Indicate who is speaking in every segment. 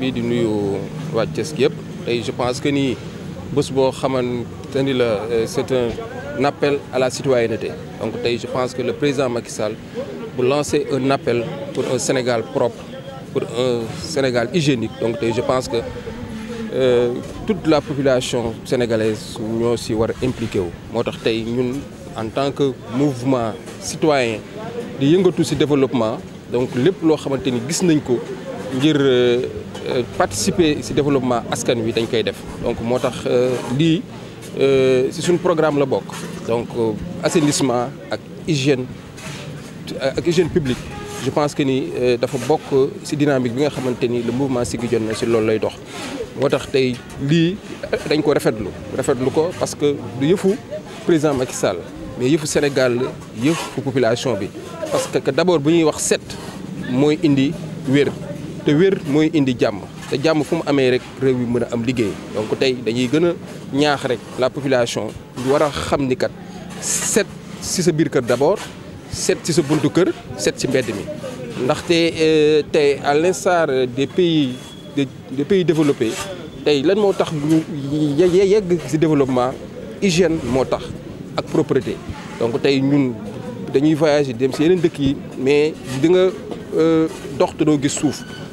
Speaker 1: de je pense que euh, c'est un appel à la citoyenneté donc je pense que le président Macky Sall pour lancer un appel pour un Sénégal propre pour un Sénégal hygiénique donc je pense que euh, toute la population sénégalaise ñoo aussi war impliqué en tant que mouvement citoyen avons tout ce développement donc lépp gis ngir euh, euh, participer ci développement askan wi dañ koy def donc motax li euh, lii ci suñu programme la bokk donc assainissement ak hygiène ak hygiène publique je pense que ni dafa bokk ci dynamique bi nga xamanteni le mouvement Siggi Jotna ci loolu lay dox motax tay li dañ ko rafetlu rafetlu ko parce que du yëfu président Macky Sall mais yëfu Sénégal yëfu population bi parce que d'abord bu ñuy wax set moy indi wér te wér moy indi jamm te jamm fu mu amee rek réew yi mëna am liggéey donc tay dañuy gëna ñaax rek la population ñu wara a xam ni kat set ci sa biir kër d'abord set ci sa buntu kër set ci mbedd mi ndax té euh, tey à l'instar des pays des pays développés tay lan mo tax ñu yegg si développement hygiène mo tax ak propreté donc tay ñun dañuy voyager dem ci yeneen dëkk yi mais di nga euh, dox te doo gis suuf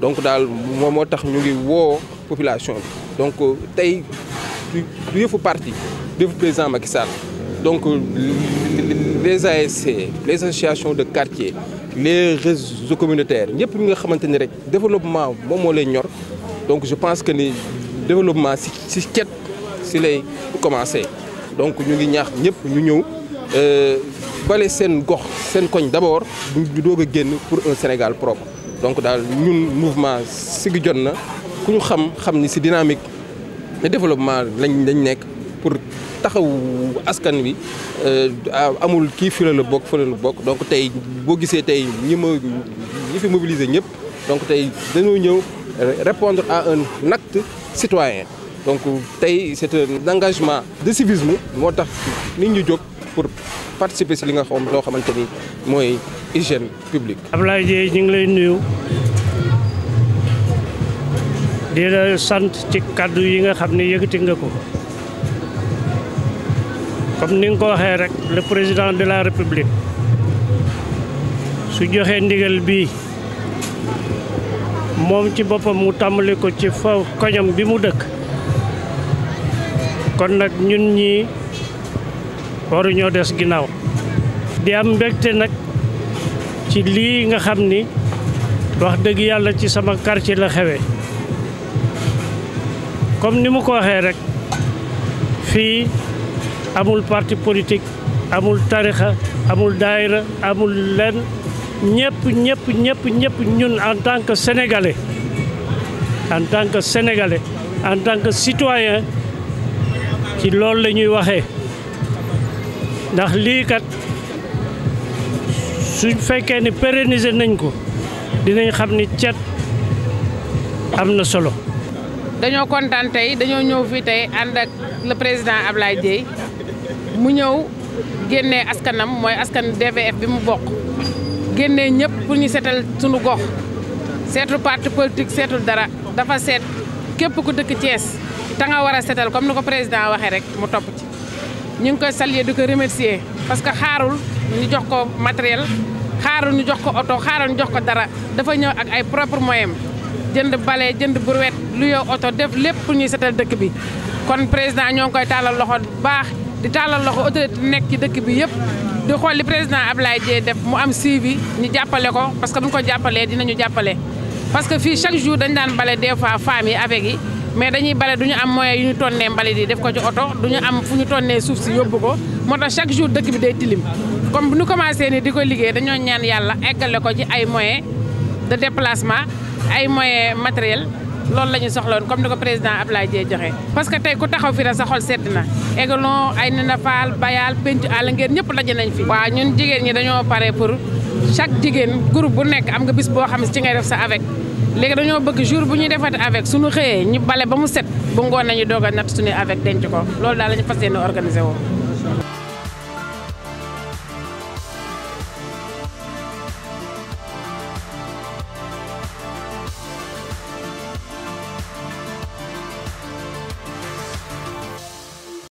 Speaker 1: donc dans moment moment tax ñu ngi population donc euh, tay du yëfu parti du président Macky donc euh, les ASC les associations de quartier les réseaux communautaires nous avons nga xamante rek développement moom lay donc je pense que le développement si si si commencé donc ñu ngi ñaax ñëpp ñu euh, bale sen gox sen koñ d'abord nous devons doog pour un Sénégal propre donc dans ñun mouvement Siggi jot na ku ñu xam ci dynamique de développement lañ lañ nekk pour taxaw askan wi euh, amul kii le la bokk le la donc tay bo gisee tay ñima ñi fi mobiliser ñep donc tay dañu ñëw répondre à un acte citoyen donc tay c'est un engagement de civisme motax tax nit ñu jox pour participer si li nga xam loo xamante ni mooy hygiène publique.
Speaker 2: Abdoulaye Dièye ñu ngi lay nuyu di la sant ci kàddu yi nga xam ne yëkkati nga ko comme ni nga ko waxee rek le président de la république su joxee ndigal bii moom ci boppam mu tàmbali ko ci fa koñam bi mu dëkk kon nag ñun ñi waru ñoo des ginnaaw di am mbégte nag ci lii nga xam ni wax dëgg yàlla ci sama quartier la xewe comme ni ko waxee rek fii amul parti politique amul tarixa amul daayira amul lenn ñëpp ñëpp ñëpp ñëpp ñun en tant que sénégalais en tant que sénégalais en tant que citoyen ci loolu la ñuy ndax lii kat suñ fekkee ne pérenniser nañ ko dinañ xam ni cet am na solo. dañoo kontaan tey dañoo ñëw fii
Speaker 3: tey ànd ak le président Ablaye Dieye mu ñëw génnee askanam mooy askan DVF bi mu bokk génnee ñëpp pour ñu setal sunu gox seetul parti politique seetul dara dafa seet képp ku dëkk Thiès ta nga war a setal comme ni ko président waxee rek mu topp ci. ñu ngi koy saluer di ko remercier parce que xaarul ñu jox ko matériel xaarul ñu jox ko oto xaarul ñu jox ko dara dafa ñëw ak ay propre moyen jënd bale jënd brouette lu yow oto def lépp pour ñuy setal dëkk bi kon président ñoo ngi koy tàllal loxo bu baax di tàllal loxo autorité nekk ci dëkk bi yëpp di xool li président Ablaye Dieye def mu am suivi ñu jàppale ko parce que bu ñu ko jàppalee dinañu jàppale parce que fii chaque jour dañ daan bale des fois femmes yi abe yi mais dañuy bale du ñu am moyen yu ñu tonnee mbalit yi def ko ci oto du ñu am fu ñu nee suuf si yóbbu ko moo tax chaque jour dëkk bi day tilim comme bu ñu commencé ni di ko liggéey dañoo ñaan yàlla eggale ko ci ay moyens de déplacement ay moyens matériels loolu la ñu soxloon comme ni ko président ab Ablaye jee joxe. parce que tey ku taxaw fi rek sa xol sedd na Egalon ay Nena Fall Bayal Pencu àll ngeen ñëpp daje nañ fi. waaw ñun jigéen ñi dañoo pare pour chaque jigéen groupe bu nekk am nga bis boo xam ne ci ngay def sa avec. léegi dañoo bëgg jour bu ñuy defati avec suñu xëyee ñu bale ba mu set bu ngoon nañu doog a natt suñu avec denc ko loolu daal la ñu fas yéene organiser